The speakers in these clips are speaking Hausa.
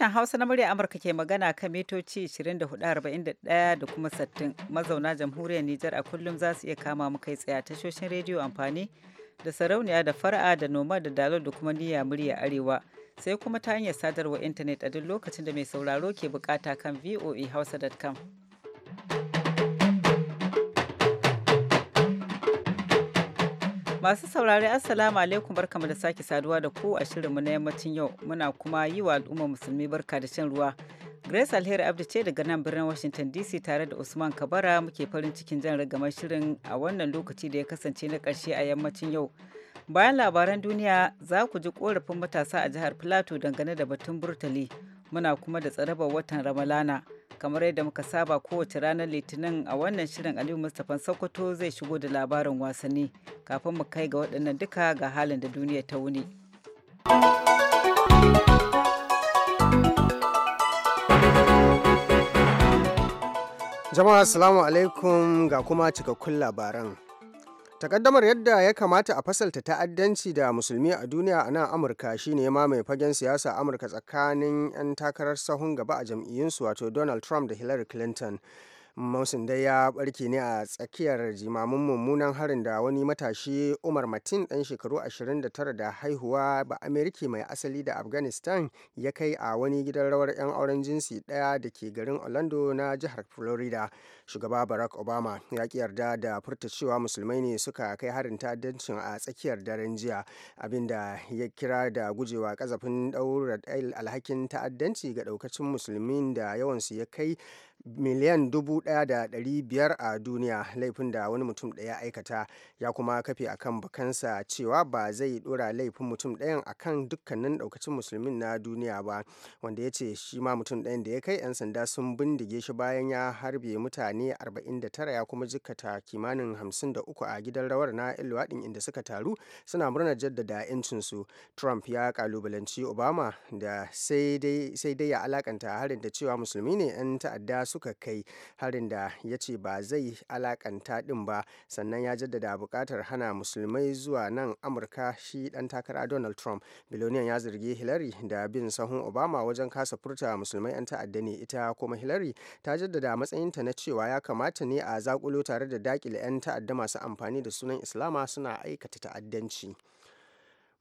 Sashen Hausa na murya Amurka ke magana kan mitoci 24,41 da kuma sattin mazauna jamhuriyar Nijar a kullum za su iya kama mu kai tsaye tashoshin rediyo amfani da sarauniya da fara'a da noma da dalo da kuma niyya murya arewa sai kuma ta hanyar sadarwa intanet a duk lokacin da mai sauraro ke bukata kan voahausa.com. Masu saurari Assalamu alaikum barkamu da sake saduwa da ku a shirinmu na yammacin yau muna kuma yi wa al'umma musulmi barka da shan ruwa. Grace Alheri abdu ce daga nan birnin Washington DC tare da Usman Kabara muke farin cikin jan ragamar shirin a wannan lokaci da ya kasance na ƙarshe a yammacin yau. Bayan labaran duniya za ku ji korafin matasa a jihar Plateau dangane da batun burtali muna kuma da tsarabar watan Ramalana. kamar yadda muka saba kowace ranar litinin a wannan shirin aliyu mustapha sokoto zai shigo da labarin wasanni kafin mu kai ga waɗannan duka ga halin da duniya ta wuni jama'a assalamu alaikum ga kuma cikakkun labaran takaddamar yadda ya kamata a fasalta ta'addanci da musulmi a duniya a nan amurka shine ma mai fagen siyasa amurka tsakanin 'yan takarar sahun gaba a jam'iyyunsu wato donald trump da hillary clinton Mausin dai ya barke ne a tsakiyar jimamin mummunan harin da wani matashi Umar Matin ɗan shekaru 29 da haihuwa ba Amerika mai asali da Afghanistan ya kai a wani gidan rawar 'yan auren jinsi ɗaya da ke garin Orlando na jihar Florida. Shugaba Barack Obama ya ki yarda da furta cewa musulmai ne suka kai harin ta'addancin a tsakiyar daren jiya abinda ya kira da gujewa kazafin ɗaura alhakin ta'addanci ga ɗaukacin musulmin da yawansu ya kai miliyan dubu daya da dari biyar a duniya laifin da wani mutum ɗaya aikata ya kuma kafe akan bakansa cewa ba zai ɗora laifin mutum ɗayan akan dukkanin ɗaukacin musulmin na duniya ba wanda ya ce shi ma mutum ɗayan da ya kai 'yan sanda sun bindige shi bayan ya harbe mutane 49 ya kuma jikkata kimanin 53 a gidan rawar na ilwaɗin inda suka taru suna murnar jaddada 'yancinsu trump ya kalubalanci obama da sai dai ya alakanta harin da cewa musulmi ne 'yan ta'adda suka kai harin da ya ce ba zai alakanta din ba sannan ya jaddada bukatar hana musulmai zuwa nan amurka shi ɗan takara donald trump biloniyan ya zargi hillary da bin sahun obama wajen kasa furta musulmai 'yan ta'adda ne ita kuma hillary ta jaddada matsayinta na cewa ya kamata ne a zakulo tare da dakile 'yan ta'adda masu amfani da sunan islama suna aikata ta'addanci.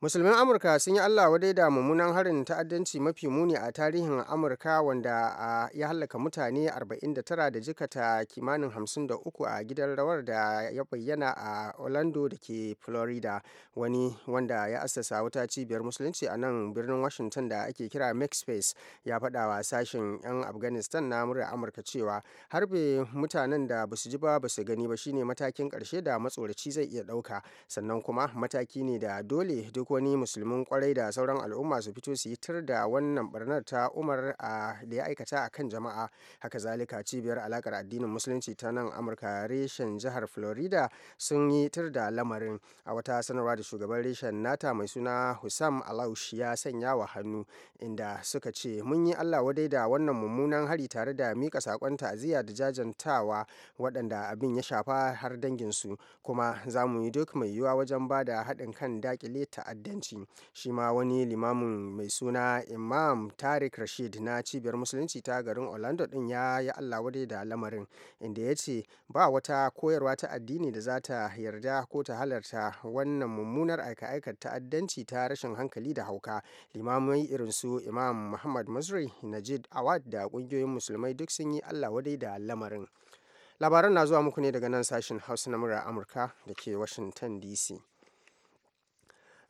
musulmin amurka sun yi allah wadai da mummunan harin ta'addanci mafi muni a tarihin amurka wanda ya hallaka mutane 49 da jikata kimanin 53 a gidan rawar da ya bayyana a orlando da ke florida wani wanda ya assasa wata cibiyar musulunci a nan birnin washington da ake kira mexpace ya faɗa wa sashen 'yan afghanistan na murya amurka cewa harbe mutanen da basu ji ba ba su gani ba shine matakin karshe da matsoraci zai iya ɗauka sannan kuma mataki ne da dole duk ko wani musulmin kwarai da sauran al'umma su fito su yi tur da wannan barnar ta umar a da ya aikata a kan jama'a haka zalika cibiyar alakar addinin musulunci ta nan amurka reshen jihar florida sun yi tur da lamarin a wata sanarwa da shugaban reshen nata mai suna husam alaush ya sanya wa hannu inda suka ce mun yi allah wadai da wannan mummunan hari tare da mika sakon ta'aziyya da jajantawa waɗanda abin ya shafa har danginsu kuma za mu yi duk mai yiwuwa wajen ba da haɗin kan dakile ta'addanci ta'addanci shi ma wani limamin mai suna imam tarik rashid na cibiyar musulunci ta garin orlando din ya yi allah wadai da lamarin inda ya ce ba wata koyarwa ta addini da za ta yarda ko ta halarta wannan mummunar aika-aikar ta'addanci ta rashin hankali da hauka limamai irin su imam muhammad masri najid awad da kungiyoyin musulmai duk sun yi allah wadai da lamarin labaran na zuwa muku ne daga nan sashen hausa na murar amurka da ke washington dc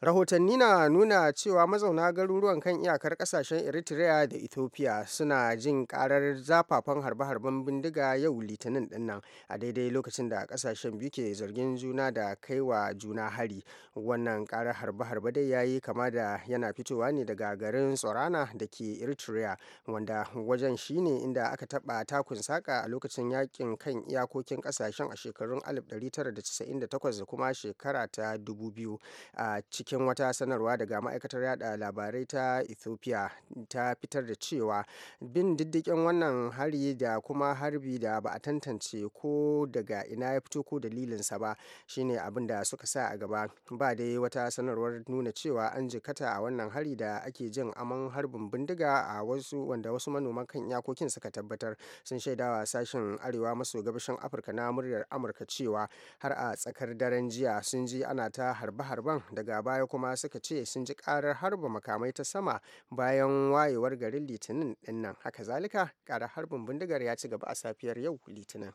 rahotanni na nuna cewa mazauna garuruwan kan iyakar kasashen eritrea da ethiopia suna jin karar zafafan harbe-harben bindiga yau litinin dinnan a daidai lokacin da kasashen biyu ke zargin juna da kaiwa juna hari wannan karar harbe-harbe dai yayi kama da yana fitowa ne daga garin tsorana da ke eritrea wanda wajen shine inda aka taba takun saka a lokacin yakin kan iyakokin kasashen a shekarun 1998 da kuma shekara ta 2000 a cikin cikin wata sanarwa daga ma'aikatar yada labarai ta ethiopia ta fitar da cewa bin diddikin wannan hari da kuma harbi da ba a tantance ko daga ina ya fito ko dalilinsa ba shine abin da suka sa a gaba ba dai wata sanarwar nuna cewa an jikata a wannan hari da ake jin aman harbin bindiga a wasu wanda wasu manoman kan iyakokin suka tabbatar sun shaidawa sashen arewa maso gabashin afirka na muryar amurka cewa har a tsakar daren jiya sun ji ana ta harbe-harben daga baya baya kuma suka ce sun ji karar harba makamai ta sama bayan wayewar garin litinin dinnan haka zalika karar harbin bindigar ya ci gaba a safiyar yau litinin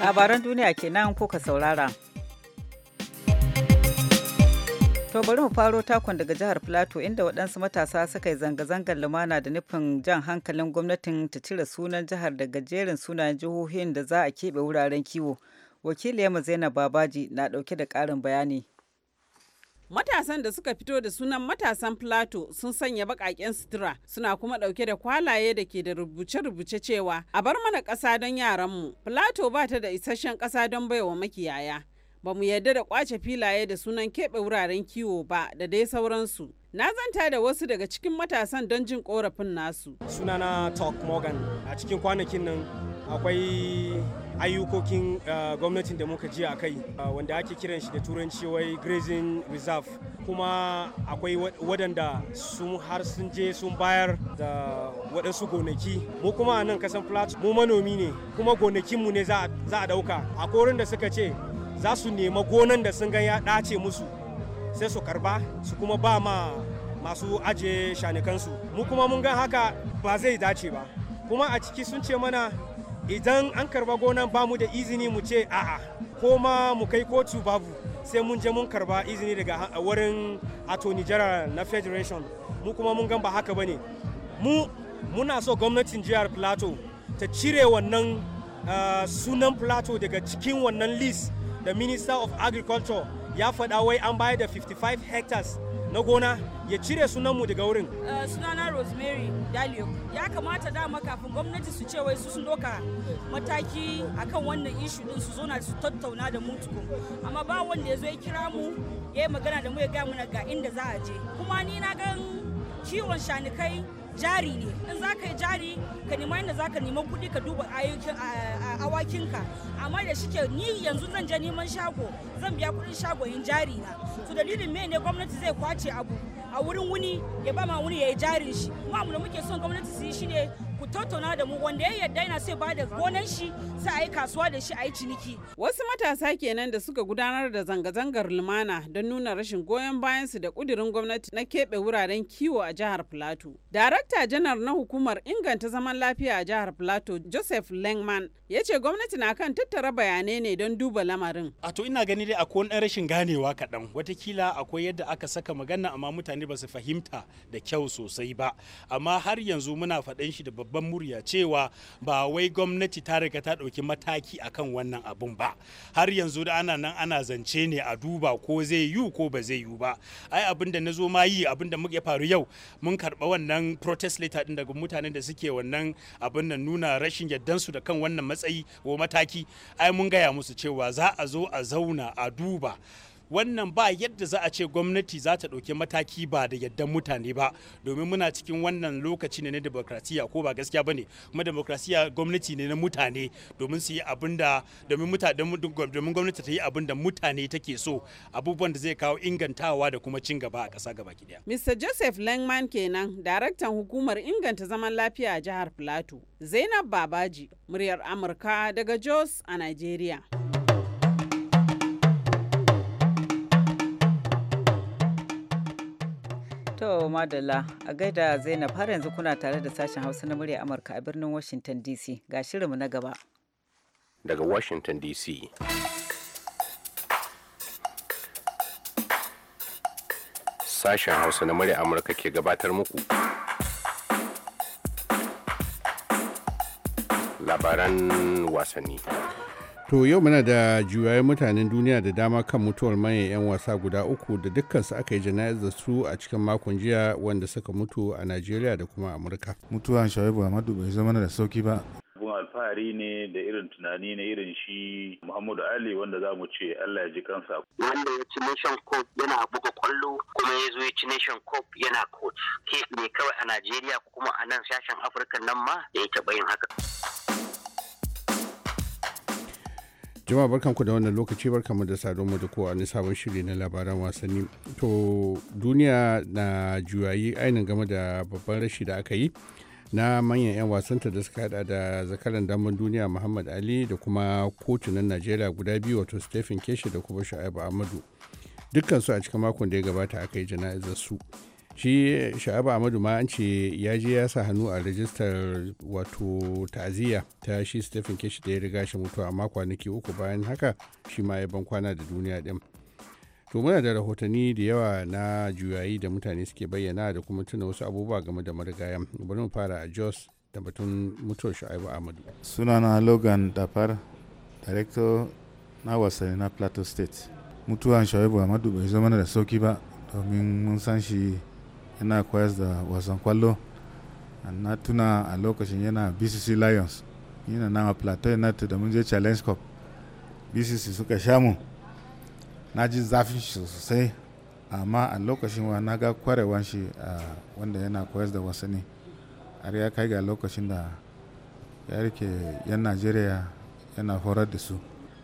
labaran duniya kenan ka saurara To bari mu faro takon daga jihar Plateau inda waɗansu matasa suka yi zanga-zangar lumana da nufin jan hankalin gwamnatin ta cire sunan jihar daga jerin sunayen jihohin da za a keɓe wuraren kiwo. Wakiliyarmu Zainab Babaji na ɗauke da ƙarin bayani. Matasan da suka fito da sunan matasan Plato sun sanya baƙaƙen sutura suna kuma ɗauke da kwalaye da ke da rubuce-rubuce cewa a bar mana ƙasa don yaranmu. Plato ba ta da isasshen ƙasa don baiwa makiyaya. ba mu yarda da kwace filaye da sunan keɓe wuraren kiwo ba da dai sauransu na zanta da wasu daga cikin matasan don jin korafin nasu sunana talk morgan a cikin kwanakin nan akwai ayyukokin eh, gwamnatin da muka ji a kai eh, wanda ake kiran shi da turanci wai grazing reserve kuma akwai waɗanda sun har sun je sun bayar da waɗansu gonaki mu kuma a nan kasan flat mu manomi ne kuma gonakinmu ne za a ɗauka a korin da suka ce za su nema gonan da sun ga ya dace musu sai su karba su kuma ba ma masu aje shanikansu mu kuma mun ga haka ba zai dace ba kuma a ciki sun ce mana idan an karba gonan ba mu da izini mu ce a'a ko ma mu kai kotu babu sai mun je mun karba izini daga wurin attorney general na federation mu kuma mun gan ba haka bane mu muna so gwamnatin jihar plateau ta cire wannan ah, sunan plateau daga cikin wannan list da minister of agriculture ya faɗa wai an bayar da 55 hectares na gona ya cire sunanmu daga wurin. Eh, sunana rosemary dalio ya kamata dama kafin gwamnati su ce wai su sun doka mataki akan wannan ishu din su zona su tattauna da mu amma ba wanda ya zo ya kira mu ya yi magana da mu ya gaya mana ga inda za a je kuma ni na gan kiwon shanikai jari ne in za ka yi jari ka nema inda za ka neman kuɗi ka duba awakinka amma da shike ni yanzu zan je neman shago zan biya kuɗin shagoyin jari na to dalilin me ne gwamnati zai kwace abu a wurin wuni ya ba ma wuni ya yi jarin shi kuma abu da muke son gwamnati su yi shi ne. ku tattauna da mu wanda ya yarda yana sai ba da gonan shi sai a yi kasuwa da shi a yi ciniki. Wasu matasa kenan da suka gudanar da zanga-zangar lumana don nuna rashin goyon bayansu da kudirin gwamnati na keɓe wuraren kiwo a jihar Plateau. Darakta janar na hukumar inganta zaman lafiya a jihar Plateau Joseph Langman. ya ce gwamnati na kan tattara bayanai ne don duba lamarin. A to ina gani dai akwai wani rashin ganewa kaɗan watakila akwai yadda aka saka magana amma mutane ba su fahimta da kyau sosai ba amma har yanzu muna faɗan shi da babban murya cewa ba wai gwamnati ta riga ta ɗauki mataki akan wannan abun ba har yanzu da ana nan ana zance ne a duba ko zai yi ko ba zai yi ba ai abin da na zo ma yi abin da ya faru yau mun karɓa wannan protest letter ɗin daga mutanen da suke wannan abin nan nuna rashin yardansu da kan wannan matsayi ko mataki ai mun gaya musu cewa za a zo a zauna a duba wannan ba yadda za a ce gwamnati za ta ɗauki mataki ba da yaddan mutane ba domin muna cikin wannan lokaci ne na demokrasiya ko ba gaskiya ba ne kuma demokrasiya gwamnati ne na mutane domin su yi abin domin gwamnati ta yi abin da mutane take so abubuwan da zai kawo ingantawa da kuma cin gaba a ƙasa gaba Mr. Joseph Langman kenan daraktan hukumar inganta zaman lafiya a jihar Plateau. Zainab Babaji, muryar Amurka daga Jos a Nigeria. To madala a gaida Zainab har yanzu kuna tare da sashen Hausa na murya Amurka a birnin Washington DC ga shirinmu na gaba. Daga Washington DC. Sashen Hausa na murya Amurka ke gabatar muku. Labaran wasanni. To yau muna da juyayen mutanen duniya da dama kan mutuwar manyan 'yan wasa guda uku da dukkan su aka yi jana'izar su a cikin makon jiya wanda suka mutu a Najeriya da kuma Amurka. Mutuwan Shaibu Ahmadu bai zama da sauki ba. Abun alfahari ne da irin tunani na irin shi Muhammadu Ali wanda za mu ce Allah ya ji kansa. Wanda ya ci Nation Cup yana buga kwallo kuma ya zo ya ci Nation Cup yana coach. Ke ne kawai a Najeriya kuma a nan sashen Afirka nan ma da ya taɓa yin haka. jama'a barkanku da wannan lokaci barkanmu da sadonmu da kowa wani sabon shiri na labaran wasanni to duniya na juyayi ainihin game da babban rashi da aka yi na manyan 'yan wasanta da suka hada da zakaran damar duniya muhammad ali da kuma kotunan najeriya guda biyu wato stephen keshe da kuma shu'aibu ahmadu su a cikin makon da ya gabata aka yi jana'izar su shi sha'aba amadu ma an ya je ya sa hannu a rajistar wato ta'aziyya ta shi stephen keshi da ya riga shi mutuwa amma kwanaki uku bayan haka shi ma ya ban kwana da duniya din to muna da rahotanni da yawa na juyayi da mutane suke bayyana da kuma tuna wasu abubuwa game da marigayan bari mu fara a jos da batun mutuwar shu'aibu amadu sunana logan dafar director na wasanni na plateau state mutuwan shu'aibu amadu bai zama da sauki ba domin mun san shi yana koyar da wasan kwallo na tuna a lokacin yana bcc lions yana nama a plateau united da mun je challenge cup bcc suka sha mu na ji zafin shi sosai amma a lokacin wa na ga kwarewan shi wanda yana koyar da wasanni har ya kai ga lokacin da ya rike yan najeriya yana horar da su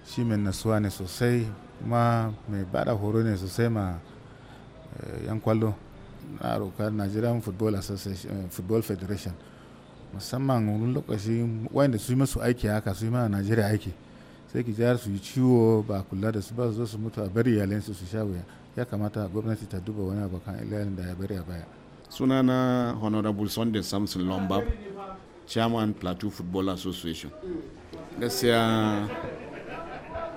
shi mai nasuwa ne sosai ma mai bada horo ne sosai ma eh, yan kwallo na roka nigerian football association eh, football federation musamman wani lokaci wanda su yi masu aiki haka su yi mana najeriya aiki sai ki jihar su yi ciwo ba kula da su ba su zo su mutu a bari iyalinsu su sha wuya ya kamata gwamnati ta duba wani abokan ilalin da ya bari a baya Suna na honorable sunday samson lombard chairman plateau football association gaskiya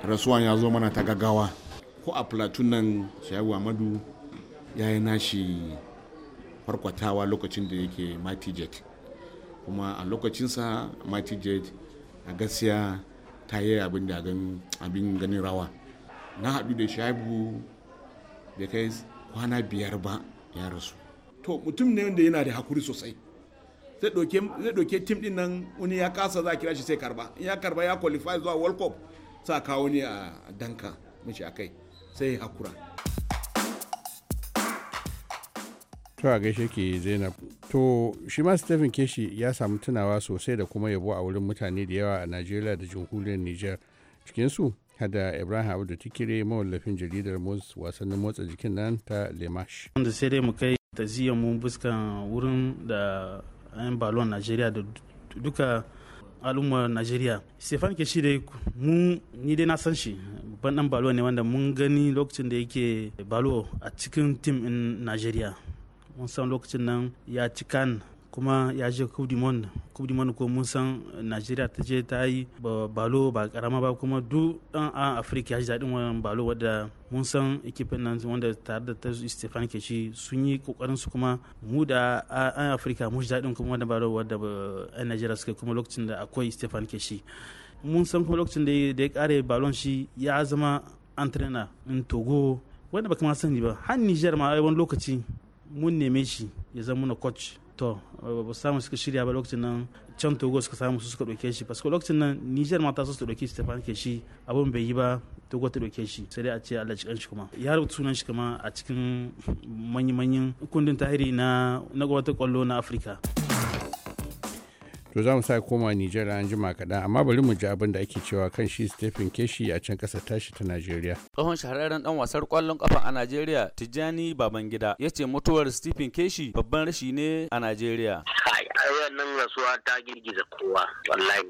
rasuwan ya zo mana ta gaggawa ko a plateau nan shayi amadu ya yi nashi farkwatawa lokacin da yake mighty jet kuma a lokacinsa mighty jet a gaskiya ta yi abin da abin ganin rawa na haɗu da shaibu da kai kwana biyar ba ya rasu to mutum ne wanda yana da hakuri sosai zai ɗauke tim ɗin nan wani ya kasa za a kira shi sai karba in ya karba ya qualify zuwa world cup sa kawo ne a danka mishi akai sai hakura to a gaishe ke zainab to shi ma stephen keshi ya samu tunawa sosai da kuma yabo a wurin mutane da yawa a najeriya da jamhuriyar niger cikinsu hada ibrahim abu da tikire mawallafin jaridar wasannin motsa jikin nan ta lemash wanda sai dai mu kai ta mu buskan wurin da 'yan balon najeriya da duka al'ummar najeriya stefan keshi dai mu ni dai na san shi ban dan balo ne wanda mun gani lokacin da yake balo a cikin tim in najeriya mun san lokacin nan ya ci kan kuma ya je coupe kudimon monde ko mun san najeriya ta je ta yi balo ba karama ba kuma duk dan a afirka ya ji daɗin wannan balo wadda mun san ekipin nan wanda tare da ta stefan keshi sun yi kokarin su kuma mu da an afirka mun ji daɗin kuma wannan balo wadda a najeriya suka kuma lokacin da akwai stefan keshi mun san kuma lokacin da ya kare balon shi ya zama antrenor in togo wanda ba kama sani ba har niger ma wani lokaci mun neme shi ya zama na coach to ba samu suka shirya ba lokacin nan can togo suka samu su suka shi parce lokacin nan niger mata su shi stefan ke shi abin bai yi ba togo ta ɗauke shi sai dai a ce allah cikin shi kuma ya rubuta sunan shi kuma a cikin manyan kundin tahiri na na kwallo na afirka. to za mu sa koma Nijar an jima kaɗan amma bari mu ji abin da ake cewa kan shi Stephen Keshi a can ƙasa tashi ta Najeriya. Tsohon shahararren ɗan wasar ƙwallon ƙafa a Najeriya Tijjani Babangida ya ce mutuwar Stephen Keshi babban rashi ne a Najeriya. nan rasuwa ta girgiza kowa wallahi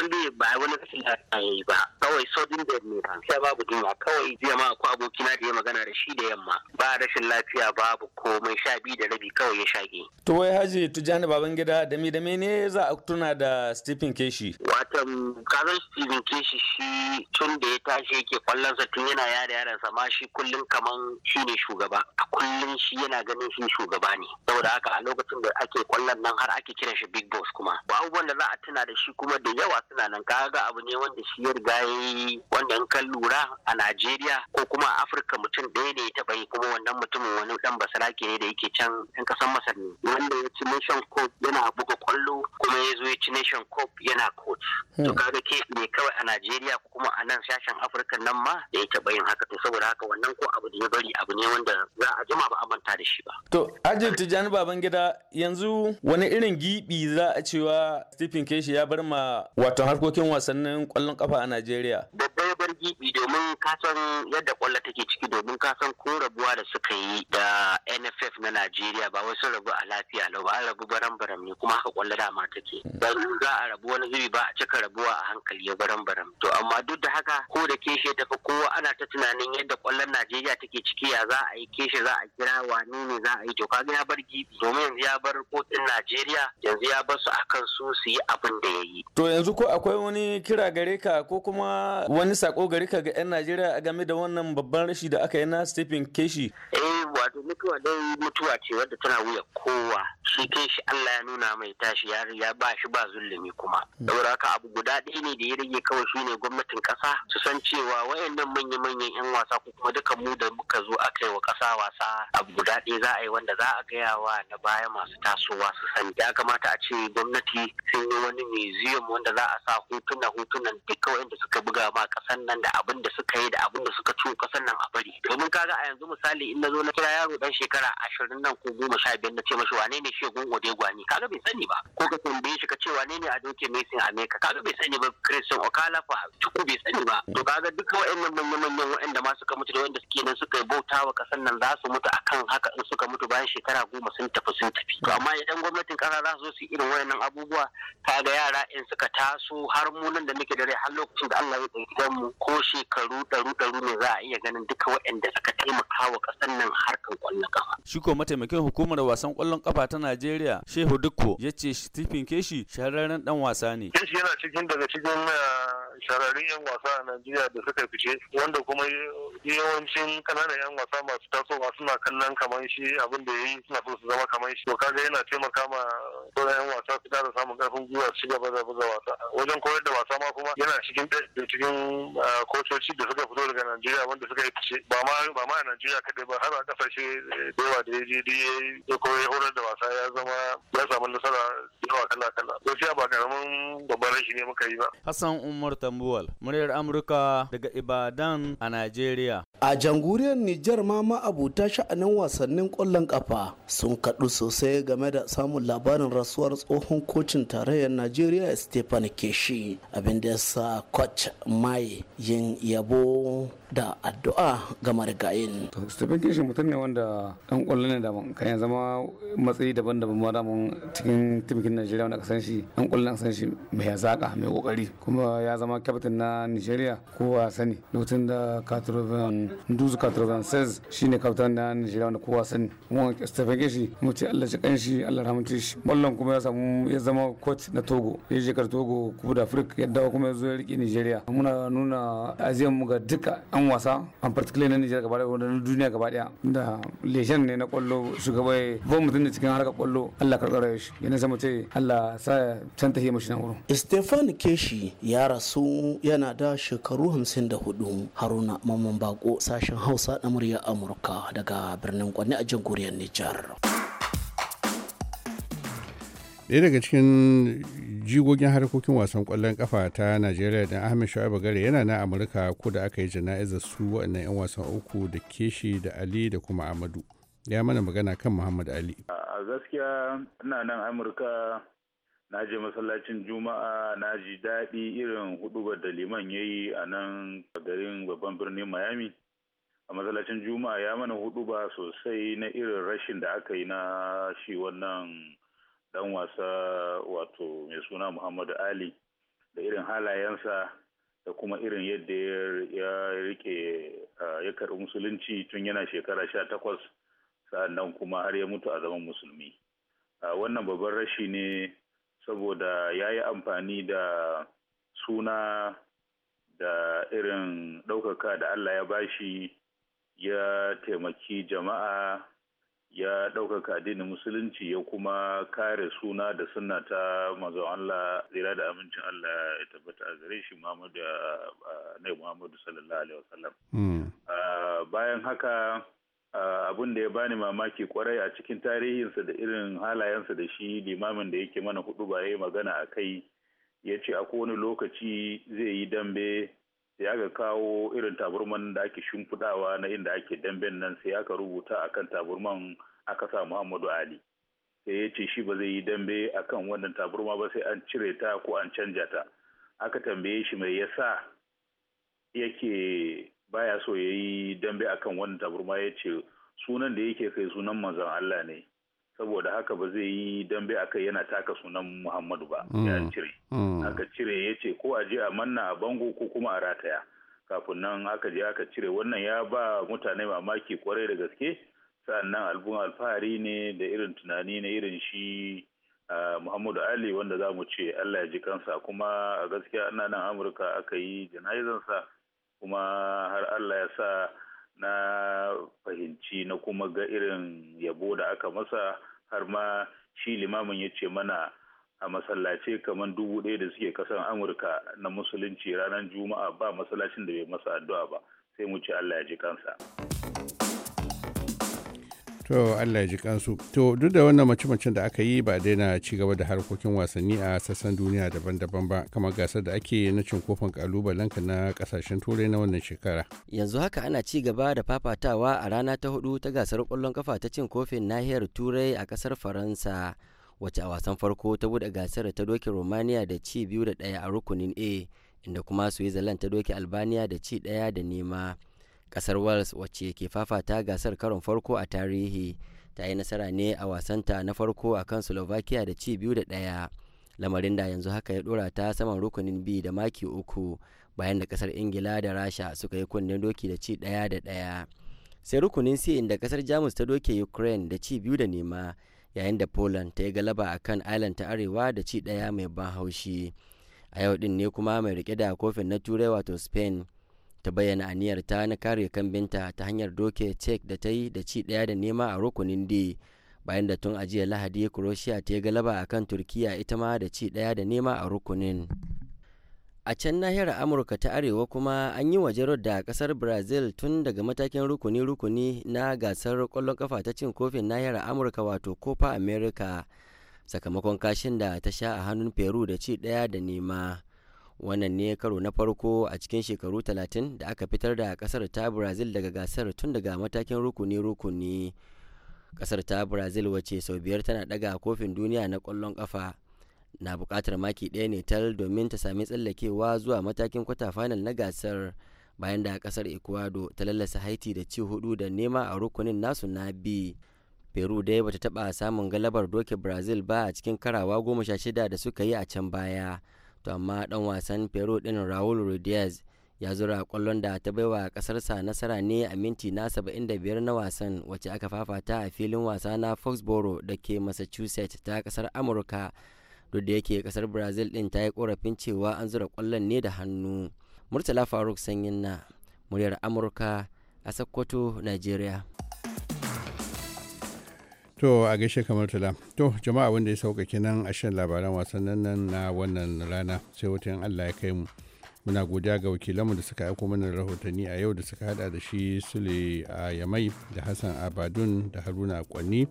an dai ba wani kasila ta yi ba kawai sojin da ne sai babu dinga kawai jiya ma ko abokina da ya magana da shi da yamma ba rashin lafiya babu komai sha biyu da rabi kawai ya shage. to wai haji tujani babangida da mi da ne za a tuna da stephen keshi. watan kazan stephen keshi shi tun da ya tashi yake sa tun yana yada yaransa ma shi kullum kaman shi ne shugaba a kullum shi yana ganin shi shugaba ne saboda haka a lokacin da ake kwallon nan har ake kiran shi big boss kuma ba abubuwan da za a tuna da shi kuma da yawa suna nan ka ga abu ne wanda shi ya riga yi wanda in kan lura a Najeriya ko kuma a Afirka mutum ɗaya ne ya taɓa yi kuma wannan mutumin wani dan basarake ne da yake can ɗan ƙasar Masar ne wanda ya ci nation cup yana buga kwallo kuma ya zo ya ci nation cup yana court hmm. to ka ga ke ne kawai a Najeriya kuma a nan sashen Afirka nan ma da ya taɓa yin haka to saboda haka wannan ko abu da ya bari abu ne wanda za a jima ba a manta da shi ba to ajin Tijjani Babangida yanzu wani irin gi gibi za a cewa Stephen Keshi ya bar ma wato harkokin wasannin kwallon kafa a Najeriya. Da gibi domin kasan yadda kwallo take ciki domin kasan ko rabuwa da suka yi da nff na najeriya ba wasu rabu a lafiya lau ba rabu baran baram ne kuma haka kwallo dama take ba za a rabu wani zubi ba a cika rabuwa a hankali ya baran baram to amma duk da haka ko da keshe tafi kowa ana ta tunanin yadda kwallon najeriya take ciki ya za a yi keshe za a kira wani ne za a yi to kaga ya bar gibi domin yanzu ya bar kotun najeriya yanzu ya bar su akan su su yi abin da ya yi to yanzu ko akwai wani kira gare ka ko kuma wani sako gari ka ga 'yan Najeriya a game da wannan babban rashi da aka yi na Stephen Keshi. Eh wato mutuwa dai mutuwa ce wadda tana wuya kowa shi ke shi Allah ya nuna mai tashi ya ya ba shi ba zulumi kuma saboda haka abu guda ɗaya ne da ya rage kawai shine gwamnatin ƙasa su san cewa wayannan manya-manyan 'yan wasa ko kuma duka mu da muka zo a kai wa ƙasa wasa abu guda ɗaya za a yi wanda za a gaya wa na baya masu tasowa su sani ya kamata a ce gwamnati sun yi wani museum wanda za a sa hotuna hotunan duka wayanda suka buga ma ƙasan nan da abin da suka yi da abin da suka ciwo ƙasan nan a bari domin kaga a yanzu misali in na zo na kira yaro dan shekara ashirin nan ko goma sha biyar na ce mashi wane ne shegun odegwani kaga bai sani ba ko ka tambaye shi ka ce wane ne adoke mesin america kaga bai sani ba christian okala fa tuku bai sani ba to kaga duka wa'annan manyan manyan wa'anda ma suka mutu da wanda suke nan suka bauta wa kasan nan za su mutu akan haka in suka mutu bayan shekara goma sun tafi sun tafi to amma idan gwamnatin kasa za su zo su irin wayannan abubuwa ga yara in suka taso har mu nan da muke da rai har lokacin da Allah ya gidan mu ko shekaru ɗaru ɗaru ne za a iya ganin duka wa'anda suka taimaka wa kasan nan harkar kwallon kafa. Shi mataimakin hukumar wasan kwallon kafa ta Najeriya Shehu Dukko ya ce Stephen Keshi shahararren dan wasa ne. Keshi yana cikin daga cikin eh, shararrun 'yan wasa a Najeriya da suka fice wanda kuma yawancin kananan 'yan wasa masu tasowa suna kallon kamar shi abin da ya yi suna so su zama kamar shi to kaga yana taimaka ma sauran 'yan wasa su kara samun karfin gwiwa su gaba da buga wasa wajen koyar da wasa ma kuma yana cikin da cikin kococi da suka fito daga Najeriya wanda suka yi fice ba ma ba ma a Najeriya kadai ba har a kasashe da yawa da ya je ya koyi horar da wasa ya zama ya samu nasara yawa kala kala gaskiya ba karamin babban rashi ne muka yi ba Hassan Umar ta Tambuwal, muryar Amurka daga Ibadan a Najeriya. A jamhuriyar Nijar ma ma'abuta sha'anin wasannin ƙwallon ƙafa sun kaɗu sosai game da samun labarin rasuwar tsohon kocin tarayyar Najeriya Stephen Keshi abinda ya sa coach mai yin yabo da addu'a ga marigayin. Stephen Keshi mutum ne wanda ɗan ƙwallo ne daban kan ya zama matsayi daban-daban ma daman cikin timikin Najeriya wanda aka san shi ɗan ƙwallo na san shi mai zaƙa mai ƙoƙari kuma ya zama zama na nigeria kowa sani lokacin da katrovan duzu katrovan says shi ne na nigeria wanda kowa sani kuma stephen keshi mu ce allah shi kan shi allah rahamci shi ballon kuma ya samu ya zama coach na togo ya je kar togo kuma da afirka ya dawo kuma ya zo ya rike nigeria muna nuna aziyan mu ga duka an wasa an particular na nigeria gaba da duniya gaba daya da leshen ne na kwallo shugaba ya bon mutum da cikin harkar kwallo allah karkara shi yana sama ce allah sa can tafiye mashi na wurin stephen keshi ya rasu yana da shekaru 54 Haruna Mamman Bako sashen Hausa na murya Amurka daga birnin Kwanne a jamhuriyar Nijar. ɗaya daga cikin jigogin harkokin wasan kwallon kafa ta najeriya da ahmed shu'aibu gare yana na amurka ko da aka yi jana'izar su waɗannan 'yan wasan uku da keshi da ali da kuma amadu ya mana magana kan muhammad ali a gaskiya ina nan amurka na je masallacin juma'a na ji daɗi irin hudubar da liman ya yi a nan garin babban birnin miami a masallacin juma'a ya mana ba sosai na irin rashin da aka yi na shi wannan dan wasa wato mai suna muhammadu ali da irin halayensa da kuma irin yadda ya rike ya karɓi musulunci tun yana shekara sha takwas sa'an nan kuma har ya mutu a zaman musulmi wannan babban rashi ne saboda ya yi amfani da suna da irin ɗaukaka da Allah ya bashi ya taimaki jama'a ya ɗaukaka addinin musulunci ya kuma kare suna da suna ta mazan Allah zira da amincin Allah ya tabbata a gare shi Muhammadu Muhammadu sallallahu alaihi wasallam. Hmm. Bayan haka Ah, abin da ya bani mamaki kwarai a cikin tarihinsa da irin halayensa da shi limamin da yake mana hudu ba ya magana a kai ya ce a kowane lokaci zai yi dambe sai aka kawo irin taburman da ake shimfiɗawa na inda ake damben nan sai aka rubuta akan taburman aka sa muhammadu ali sai ya ce shi ba zai yi dambe akan wannan taburma ba sai an cire ta ko an canja ta aka tambaye shi mai yasa yake baya so ya yi dambe akan wannan taburma ya ce sunan da yake kai sunan manzan Allah ne saboda haka ba zai yi dambe a kai yana taka sunan Muhammadu ba mm. ya cire mm. aka cire ya ce ko a je a manna a bango ko kuma a rataya kafin nan aka je aka cire wannan ya ba mutane mamaki kwarai da gaske sa'annan albun alfahari ne da irin tunani na irin shi Muhammadu Ali wanda za mu ce Allah ya ji kansa kuma a gaskiya ana nan Amurka aka yi jana'izansa kuma har Allah ya sa na fahimci na kuma ga irin yabo da aka masa har ma shi limamin ya ce mana a masallace kamar dubu ɗaya da suke kasan amurka na musulunci ranar juma'a ba masallacin da bai masa addu'a ba sai mu ce allah ya ji kansa. to allah ji kansu to duk da wannan mace-macen da aka yi ba daina ci gaba da harkokin wasanni a sassan duniya daban-daban ba kamar gasar da ake na cin kofin kalubalenka na kasashen turai na wannan shekara yanzu haka ana ci gaba da fafatawa a rana ta hudu ta gasar kwallon kafa ta cin kofin nahiyar turai a kasar faransa wacce a wasan farko ta buɗe gasar ta doke romania da ci biyu da ɗaya a rukunin a inda kuma switzerland ta doke albania da ci ɗaya da nema kasar wales wacce ke fafata gasar karon farko a tarihi ta yi nasara ne a wasanta na farko a kan slovakia da ci biyu da ɗaya lamarin da yanzu haka ya dora ta saman rukunin biyu da maki uku bayan da kasar ingila da rasha suka yi kunnen doki da ci daya da ɗaya sai rukunin si inda kasar jamus ta doke ukraine da ci biyu da nema yayin da poland ta yi galaba a kan island ta arewa da ci ɗaya mai ban haushi a yau din ne kuma mai rike da kofin na turai wato spain ta bayyana aniyarta na kare kambinta ta hanyar doke cek da ta yi da ci daya da nema a rukunin d bayan da tun ajiya lahadi croatia ta yi galaba a kan turkiya ita ma da ci daya da nema a rukunin a can nahiyar amurka ta arewa kuma an yi waje da kasar brazil tun daga matakin rukuni-rukuni na gasar kwallon kafa ta cin kofin nahiyar amurka wato copa america sakamakon kashin da ta sha a hannun peru da ci daya da nema wannan ne karo na farko a cikin shekaru 30 da aka fitar da kasar ta brazil daga gasar tun daga matakin rukuni-rukuni kasar ta brazil wace sau biyar tana daga kofin duniya na kwallon kafa na bukatar maki ɗaya ne tal domin ta sami tsallakewa zuwa matakin kwata final na gasar bayan da kasar ecuador ta lallasa haiti da ci hudu da nema a rukunin nasu na bi peru dai bata taba samun galabar doke brazil ba a cikin karawa goma sha shida da suka yi a can baya to amma dan wasan peru din raul rodriguez ya zura kwallon da ta baiwa kasarsa nasara ne a minti na 75 na wasan wacce aka fafata a filin wasa na foxboro da ke massachusetts ta kasar amurka duk da yake kasar brazil din ta yi korafin cewa an zura kwallon ne da hannu murtala faruk sanyin na muryar amurka a sokoto nigeria To a gaishe kamar tula. To jama'a wanda ya sauka nan a shan labaran wasannin nan na wannan rana sai wutan Allah ya kai mu. Muna godiya ga wakilanmu da suka aiko mana rahotanni a yau da suka hada da shi Sule a Yamai da Hassan badun da Haruna a Kwanni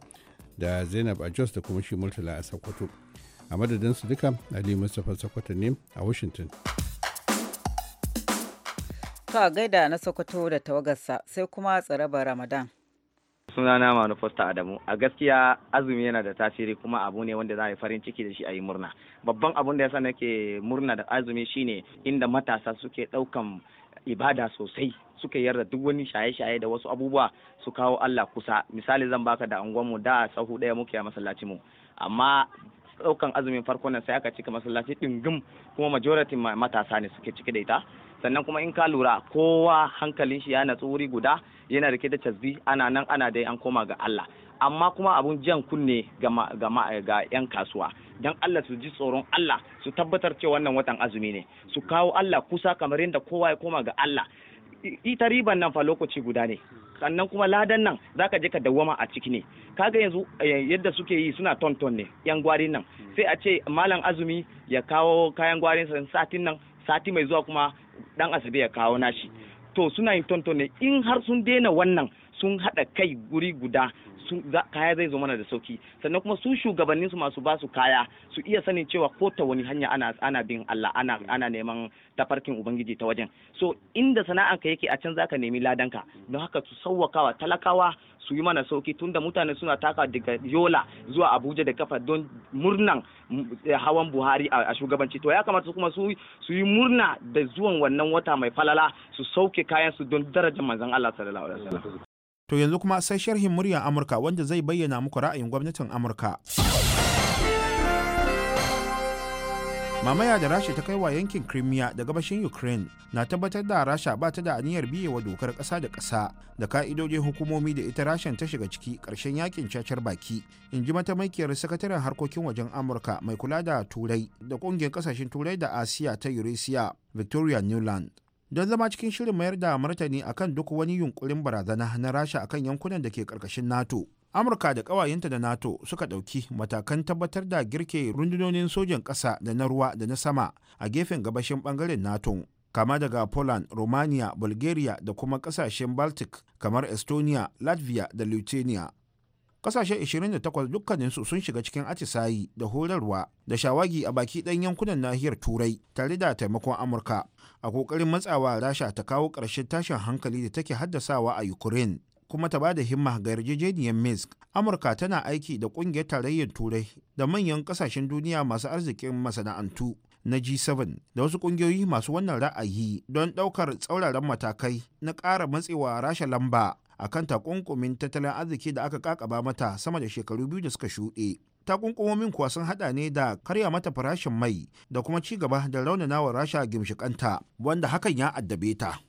da Zainab a Jos da kuma shi Murtala a Sokoto. A madadin su duka Ali Mustapha Sokoto ne a Washington. To a gaida na Sokoto da tawagarsa sai kuma tsaraba Ramadan. sunana manufasta adamu a gaskiya azumi yana da tasiri kuma abu ne wanda za a yi farin ciki da shi a yi murna babban abun da ya sani nake murna da azumi shine inda matasa suke ɗaukan ibada sosai suke yarda duk wani shaye-shaye da wasu abubuwa su kawo Allah kusa misali zan baka da mu da sahu ɗaya muke a masallaci mu amma ɗaukan azumin farko nan sai aka cika masallaci ɗingim kuma majority matasa ne suke cike da ita sannan kuma in ka lura kowa hankalin shi ya natsu wuri guda yana rike da tasbi ana nan ana dai an koma ga Allah amma kuma abun jan kunne ga 'yan kasuwa don Allah su ji tsoron Allah su tabbatar cewa wannan watan azumi ne su kawo Allah kusa kamar yadda kowa ya koma ga Allah ita riban nan fa lokaci guda ne sannan kuma ladan nan zaka je ka dawwama a ciki ne kaga yanzu eh, yadda suke yi suna tonton ne yan gwari nan sai a ce malam azumi ya kawo kayan gwarin satin nan sati mai zuwa kuma dan asibi ya kawo nashi to suna yin tonto ne in har sun daina wannan sun haɗa kai guri guda kaya zai zo mana da sauki sannan kuma su shugabanninsu masu basu kaya su iya sanin cewa ko ta wani hanya ana ana bin Allah ana ana neman tafarkin ubangiji ta wajen so inda sana'anka yake a can zaka nemi ladanka don haka su sauwakawa talakawa su yi mana sauki tunda mutane suna taka daga yola zuwa abuja da kafa don murnan eh, hawan buhari a shugabanci to ya kamata kuma su yi murna da zuwan wannan wata mai falala su sauke kayan su don darajar manzon allah sallallahu alaihi wasallam To yanzu kuma sai sharhin muryar Amurka wanda zai bayyana muku ra'ayin gwamnatin Amurka. Mamaya da Rasha ta kai wa yankin Crimea da gabashin Ukraine na tabbatar da Rasha ba ta da aniyar biye wa dokar ƙasa da ƙasa da ka'idojin hukumomi da ita Rashan ta shiga ciki ƙarshen yakin cacar baki, in ji mataimakiyar sakataren harkokin wajen Amurka mai kula da Turai da ƙungiyar ƙasashen Turai da Asiya ta Eurasia Victoria Newland. don zama cikin shirin mayar da martani kan duk wani yunkurin barazana na rasha akan yankunan da ke karkashin nato amurka da ƙawayenta da nato suka ɗauki matakan tabbatar da girke rundunonin sojan ƙasa da na ruwa da na sama a gefen gabashin ɓangaren nato kama daga poland romania bulgaria da kuma ƙasashen baltic kamar estonia latvia da lithuania kasashe 28 dukkaninsu sun shiga cikin atisayi da horarwa da shawagi a baki ɗan yankunan nahiyar turai tare da taimakon amurka a kokarin matsawa rasha ta kawo ƙarshen tashin hankali da take haddasawa a ukraine kuma ta ba da himma ga yarjejeniyar minsk amurka tana aiki da ƙungiyar tarayyar turai da manyan ƙasashen duniya masu arzikin masana'antu na G7 da wasu ƙungiyoyi masu wannan ra'ayi don ɗaukar tsauraran matakai na ƙara matsewa rasha lamba a kan takunkumin tattalin arziki da aka kakaba mata sama da shekaru biyu da suka shuɗe takunkumomin kuwa sun hada ne da karya mata farashin mai da kuma ci gaba da raunana wa rasha gimshikanta wanda hakan ya addabe ta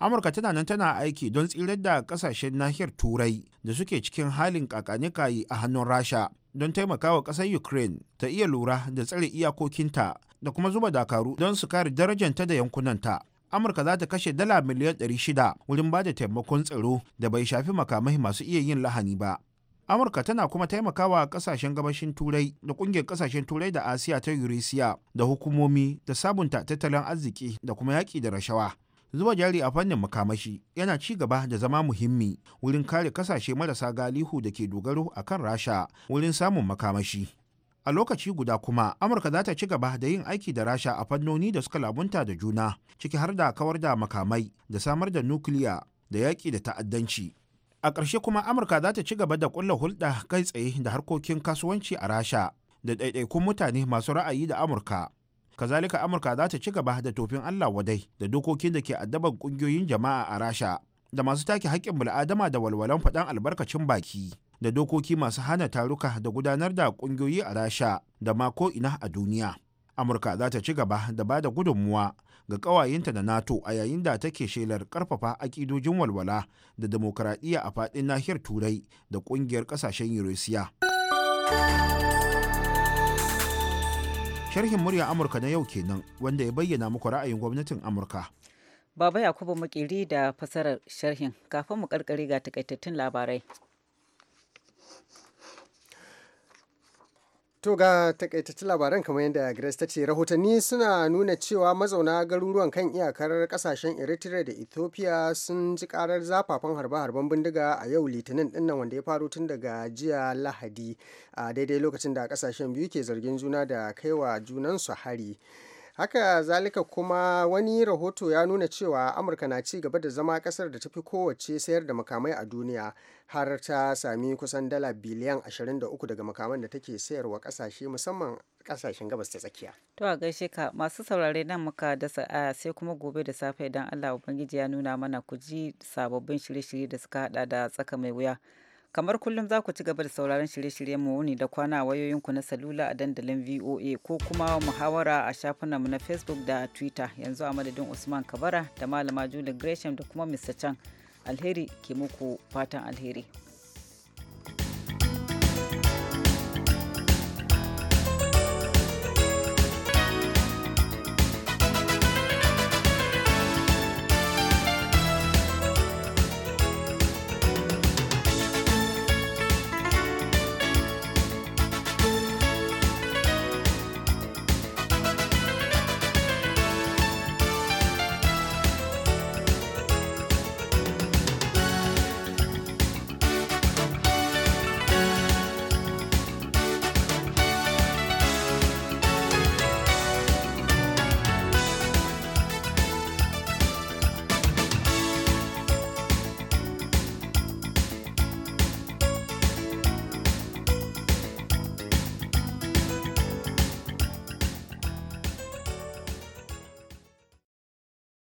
amurka tana nan tana aiki don tsirar da kasashen nahiyar turai da suke cikin halin kakanikayi a hannun rasha don taimakawa ƙasar ukraine ta iya lura da tsare iyakokinta da kuma zuba dakaru don su kare darajanta da yankunanta amurka za ta kashe dala miliyan 600 wurin ba da taimakon tsaro da bai shafi makamai masu iya yin lahani ba amurka tana kuma taimakawa kasashen gabashin turai da kungiyar kasashen turai da asiya ta eurasia da hukumomi da sabunta tattalin arziki da kuma yaƙi da rashawa zuba jari a fannin makamashi yana ci gaba da zama muhimmi wurin kare kasashe marasa galihu da ke dogaro akan rasha wurin samun makamashi a lokaci guda kuma amurka za ta ci gaba da yin aiki da rasha a fannoni da suka labunta da juna ciki har da kawar da makamai da samar da nukiliya da yaƙi da ta'addanci a ƙarshe kuma amurka za ta ci gaba da ƙulla hulɗa kai tsaye da harkokin kasuwanci a rasha da ɗaiɗaikun mutane masu ra'ayi da amurka kazalika amurka za ta ci gaba da tofin allah wadai da dokokin da ke addaban ƙungiyoyin jama'a a rasha da masu take haƙƙin bil'adama da walwalan faɗan albarkacin baki da dokoki masu hana taruka da gudanar da kungiyoyi a rasha da ma ko ina a duniya amurka za ta ci gaba da ba da gudunmuwa ga ƙawayenta da nato a yayin da take shelar ƙarfafa aƙidojin walwala da demokaradiyya a faɗin nahiyar turai da ƙungiyar ƙasashen eurasia sharhin murya amurka na yau kenan wanda ya bayyana muku ra'ayin gwamnatin amurka baba yakubu makiri da fasarar sharhin kafin mu karkare ga takaitattun labarai To ga takaitaccen labaran kamar yadda Grace ta ce rahotanni suna nuna cewa mazauna garuruwan kan iyakar kasashen Eritrea da Ethiopia sun ji karar zafafan harbe-harben bindiga a yau Litinin dinnan wanda ya faru tun daga jiya Lahadi a daidai lokacin da kasashen biyu ke zargin juna da kaiwa junansu hari. haka zalika kuma wani rahoto ya nuna cewa amurka na ci gaba da zama kasar da tafi kowace sayar da makamai a duniya har ta sami kusan dala biliyan 23 daga makaman da take sayarwa kasashe musamman kasashen gabas ta tsakiya to a gaishe ka masu saurare nan muka da aya sai kuma gobe da safe idan allah ubangiji ya nuna mana ku ji sababbin shirye-shirye da suka hada da tsaka mai wuya kamar kullum za ku ci gaba da sauraron shirye-shiryen mu wuni da kwana a wayoyinku na salula a dandalin voa ko kuma muhawara a shafinanmu na facebook da twitter yanzu a madadin usman kabara da malama julie gresham da kuma mr chan alheri ke muku fatan alheri